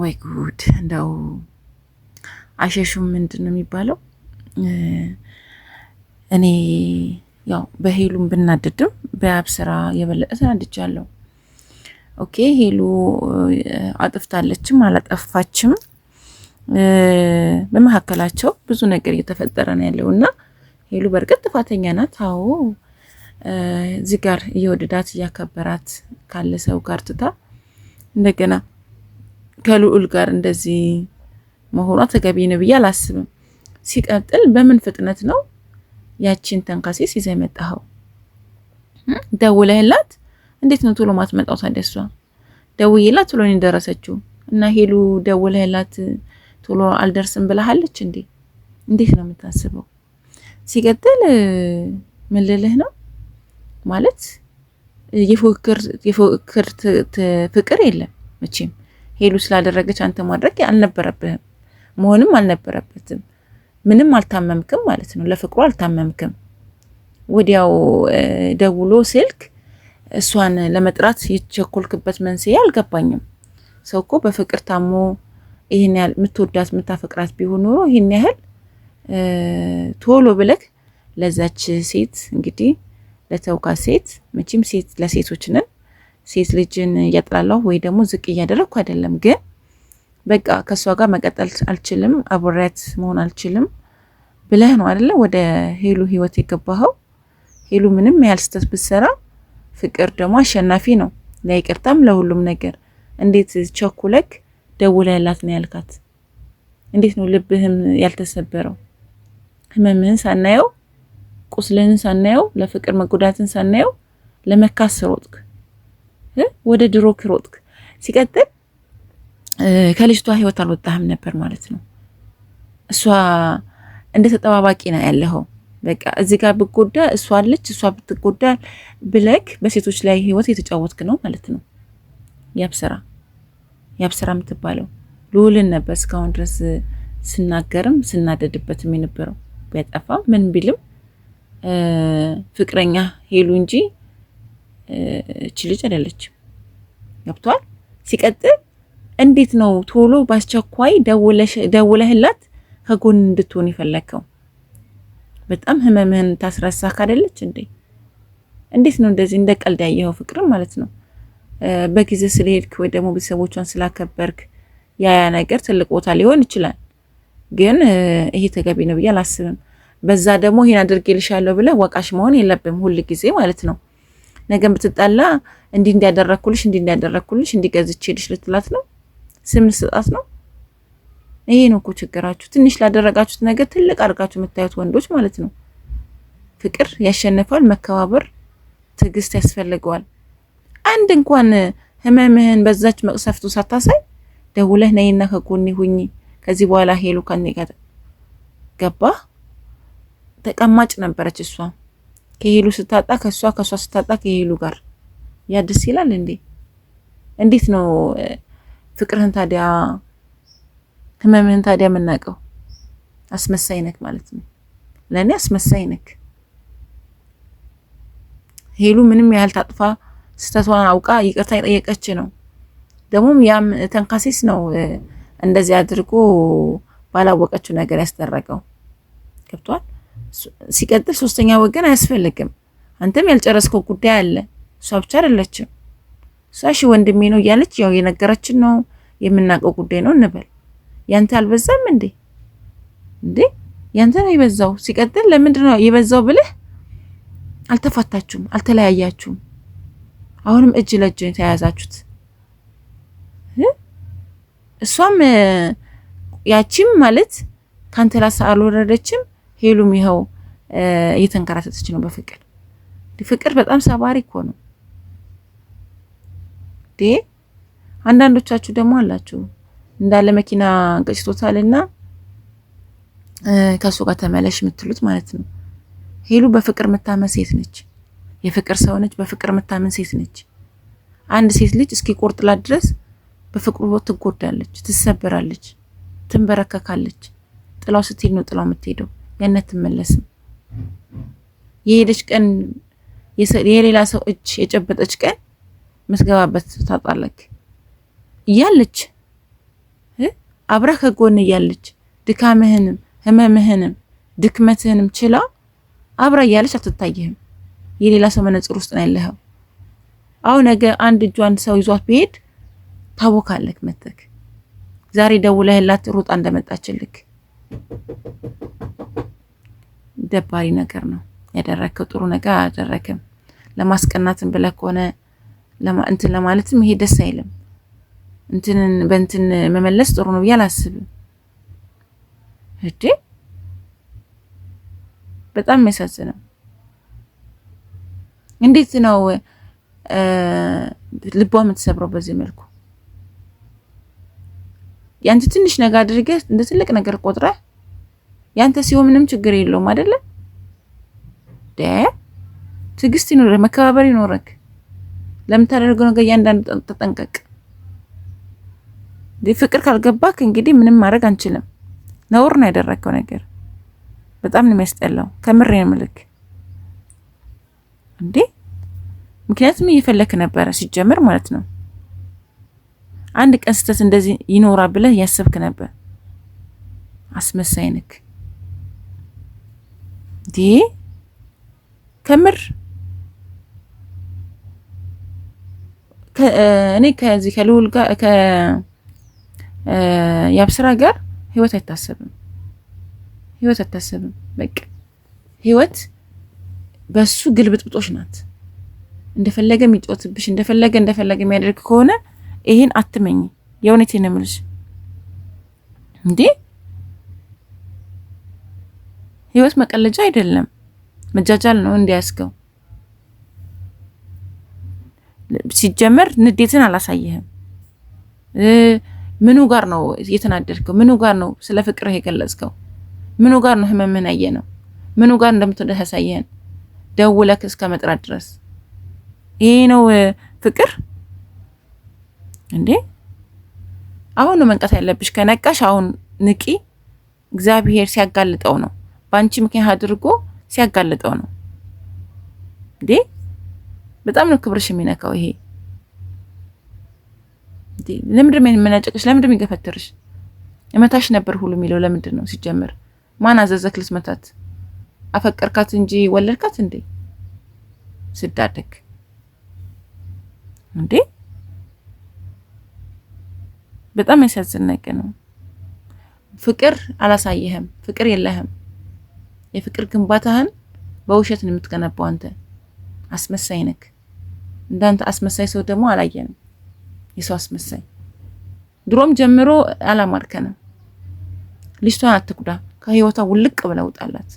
ወይ ጉድ! እንደው አሸሹም ምንድን ነው የሚባለው? እኔ ያው በሄሉም ብናደድም በያብ ስራ የበለጠ ተናድጃለሁ። ኦኬ ሄሉ አጥፍታለችም አላጠፋችም በመካከላቸው ብዙ ነገር እየተፈጠረ ነው ያለው እና ሄሉ በእርግጥ ጥፋተኛ ናት። አዎ እዚህ ጋር እየወደዳት እያከበራት ካለ ሰው ጋር ትታ እንደገና ከልዑል ጋር እንደዚህ መሆኗ ተገቢ ነው ብዬ አላስብም። ሲቀጥል በምን ፍጥነት ነው ያቺን ተንካሴስ ይዘ የመጣኸው? ደውለህላት እንዴት ነው ቶሎ ማትመጣው? ታዲያ እሷ ደውዬላት ቶሎ ነው የደረሰችው። እና ሄሉ ደውለህላት ቶሎ አልደርስም ብላሃለች እንዴ? እንዴት ነው የምታስበው? ሲቀጥል ምን ልልህ ነው ማለት የፉክክር ፍቅር የለም መቼም ሄሉ ስላደረገች አንተ ማድረግ አልነበረብህም፣ መሆንም አልነበረበትም። ምንም አልታመምክም ማለት ነው። ለፍቅሩ አልታመምክም። ወዲያው ደውሎ ስልክ እሷን ለመጥራት የቸኮልክበት መንስኤ አልገባኝም። ሰው እኮ በፍቅር ታሞ ይህን ያህል የምትወዳት የምታፈቅራት ቢሆን ኖሮ ይህን ያህል ቶሎ ብለክ ለዛች ሴት እንግዲህ ለተውካ ሴት መቼም ሴት ለሴቶች ነን ሴት ልጅን እያጥላለሁ ወይ ደግሞ ዝቅ እያደረግኩ አይደለም፣ ግን በቃ ከእሷ ጋር መቀጠል አልችልም፣ አብሬያት መሆን አልችልም ብለህ ነው አይደለ ወደ ሄሉ ህይወት የገባኸው። ሄሉ ምንም ያህል ስህተት ብትሰራ ፍቅር ደግሞ አሸናፊ ነው፣ ለይቅርታም ለሁሉም ነገር። እንዴት ቸኩለክ ደውለህላት ነው ያልካት? እንዴት ነው ልብህም ያልተሰበረው? ህመምህን ሳናየው ቁስልህን ሳናየው ለፍቅር መጎዳትን ሳናየው ለመካስ ሮጥክ። ወደ ድሮ ክሮጥክ። ሲቀጥል ከልጅቷ ህይወት አልወጣህም ነበር ማለት ነው። እሷ እንደ ተጠባባቂ ነው ያለኸው። በቃ እዚህ ጋር ብጎዳ እሷ አለች፣ እሷ ብትጎዳ ብለክ በሴቶች ላይ ህይወት የተጫወትክ ነው ማለት ነው። ያብስራ ያብስራ የምትባለው ልውልን ነበር እስካሁን ድረስ ስናገርም ስናደድበትም የነበረው ቢያጠፋ ምን ቢልም ፍቅረኛ ሄሉ እንጂ እች ልጅ አይደለችም። ገብቷል። ሲቀጥል እንዴት ነው ቶሎ በአስቸኳይ ደውለህላት ከጎን እንድትሆን የፈለግከው? በጣም ህመምህን ታስረሳ ካደለች እንዴ! እንዴት ነው እንደዚህ እንደ ቀልድ ያየኸው? ፍቅርም ማለት ነው በጊዜ ስለሄድክ ወይ ደግሞ ቤተሰቦቿን ስላከበርክ ያያ ነገር ትልቅ ቦታ ሊሆን ይችላል፣ ግን ይሄ ተገቢ ነው ብዬ አላስብም። በዛ ደግሞ ይሄን አድርጌልሻለሁ ብለህ ወቃሽ መሆን የለብም ሁል ጊዜ ማለት ነው። ነገ ብትጠላ እንዲህ እንዲያደረግኩልሽ እንዲህ እንዲያደረግኩልሽ ሄድሽ ልትላት ነው። ስም ልትሰጣት ነው። ይሄ ነው እኮ ችግራችሁ። ትንሽ ላደረጋችሁት ነገር ትልቅ አድርጋችሁ የምታዩት ወንዶች ማለት ነው። ፍቅር ያሸንፋል። መከባበር፣ ትዕግስት ያስፈልገዋል። አንድ እንኳን ህመምህን በዛች መቅሰፍቱ ሳታሳይ ደውለህ ነይና ከጎኔ ሁኚ፣ ከዚህ በኋላ ሄሉ ከኔ ጋር ገባ። ተቀማጭ ነበረች እሷ። ከሄሉ ስታጣ ከእሷ ከእሷ ስታጣ ከሄሉ ጋር ያ ደስ ይላል እንዴ? እንዴት ነው ፍቅርህን ታዲያ ህመምህን ታዲያ የምናውቀው? አስመሳይ ነክ ማለት ነው። ለእኔ አስመሳይ ነክ። ሄሉ ምንም ያህል ታጥፋ ስተቷን አውቃ ይቅርታ የጠየቀች ነው። ደግሞም ያም ተንካሴስ ነው እንደዚህ አድርጎ ባላወቀችው ነገር ያስደረገው። ገብቷል። ሲቀጥል ሶስተኛ ወገን አያስፈልግም። አንተም ያልጨረስከው ጉዳይ አለ። እሷ ብቻ አይደለችም። እሷ ወንድሜ ነው እያለች ያው የነገረችን ነው የምናውቀው ጉዳይ ነው እንበል። ያንተ አልበዛም እንዴ? እንዴ ያንተ ነው የበዛው። ሲቀጥል ለምንድን ነው የበዛው ብልህ አልተፋታችሁም፣ አልተለያያችሁም። አሁንም እጅ ለእጅ የተያያዛችሁት እሷም ያቺም ማለት ካንተ ላሳ አልወረደችም ሄሉም ይኸው እየተንከራተተች ነው በፍቅር ፍቅር በጣም ሰባሪ እኮ ነው። አንዳንዶቻችሁ ደግሞ አላችሁ እንዳለ መኪና ገጭቶታልና ከእሱ ጋር ተመለሽ የምትሉት ማለት ነው። ሄሉ በፍቅር የምታመን ሴት ነች። የፍቅር ሰው ነች። በፍቅር የምታመን ሴት ነች። አንድ ሴት ልጅ እስኪ ቆርጥላት ድረስ በፍቅሩ ትጎዳለች፣ ትሰበራለች፣ ትንበረከካለች። ጥላው ስትሄድ ነው ጥላው የምትሄደው። ገነት ትመለስም። የሄደች ቀን የሌላ ሰው እጅ የጨበጠች ቀን መስገባበት ታጣለክ እያለች አብራ ከጎን እያለች ድካምህንም ህመምህንም ድክመትህንም ችላ አብራ እያለች አትታይህም። የሌላ ሰው መነጽር ውስጥ ነው ያለኸው። አሁን ነገ አንድ እጇን ሰው ይዟት ቢሄድ ታቦካለክ መተክ ዛሬ ደውለህላት ሩጣ እንደመጣችልክ ደባሪ ነገር ነው ያደረግከው። ጥሩ ነገር አላደረክም። ለማስቀናትን ብለህ ከሆነ እንትን ለማለትም ይሄ ደስ አይልም። እንትንን በእንትን መመለስ ጥሩ ነው ብዬ አላስብም። እዴ በጣም የሚያሳዝነው እንዴት ነው ልቧ የምትሰብረው በዚህ መልኩ? የአንቺ ትንሽ ነገር አድርገህ እንደ ትልቅ ነገር ቆጥረህ ያንተ ሲሆን ምንም ችግር የለውም አይደለ? ደ ትዕግስት ይኖረ መከባበር ይኖረክ። ለምታደርገው ነገር እያንዳንዱ ተጠንቀቅ። ፍቅር ካልገባክ እንግዲህ ምንም ማድረግ አንችልም። ነውር ነው ያደረከው ነገር። በጣም ነው የሚያስጠላው። ከምሬ ነው ልክ እንዴ። ምክንያቱም እየፈለክ ነበረ ሲጀምር ማለት ነው። አንድ ቀን ስህተት እንደዚህ ይኖራ ብለህ እያሰብክ ነበር። አስመሳይ ነክ። ይሄ ከምር እኔ ከዚህ ከልዑል ጋር ከያብስራ ጋር ህይወት አይታሰብም። ህይወት አይታሰብም። በቃ ህይወት በሱ ግልብጥብጦች ናት። እንደፈለገ የሚጫወትብሽ እንደፈለገ እንደፈለገ የሚያደርግ ከሆነ ይህን አትመኝ። የእውነቴን ነው የምልሽ እንዴ ህይወት መቀለጃ አይደለም፣ መጃጃል ነው። እንዲያስገው ሲጀመር ንዴትን አላሳየህም። ምኑ ጋር ነው የተናደድከው? ምኑ ጋር ነው ስለ ፍቅርህ የገለጽከው? ምኑ ጋር ነው ህመምህን አየ ነው? ምኑ ጋር እንደምትወደህ ያሳየህን ደውለክ እስከ መጥራት ድረስ ይሄ ነው ፍቅር እንዴ? አሁን ነው መንቃት ያለብሽ። ከነቃሽ አሁን ንቂ። እግዚአብሔር ሲያጋልጠው ነው። በአንቺ ምክንያት አድርጎ ሲያጋልጠው ነው እንዴ? በጣም ነው ክብርሽ የሚነካው ይሄ። ለምንድን ነው የምናጨቅሽ? ለምንድን ነው የሚገፈትርሽ? እመታሽ ነበር ሁሉ የሚለው ለምንድን ነው ሲጀምር? ማን አዘዘክ ልትመታት? አፈቀርካት እንጂ ወለድካት እንዴ? ስዳደግ እንዴ በጣም ያሳዝን ነገር ነው። ፍቅር አላሳየህም፣ ፍቅር የለህም። የፍቅር ግንባታህን በውሸት ነው የምትገነባው። አንተ አስመሳይ ነክ። እንዳንተ አስመሳይ ሰው ደግሞ አላየንም። የሰው አስመሳይ ድሮም ጀምሮ አላማርከንም። ልጅቷን አትጉዳ፣ ከህይወቷ ውልቅ ብለውጣላት።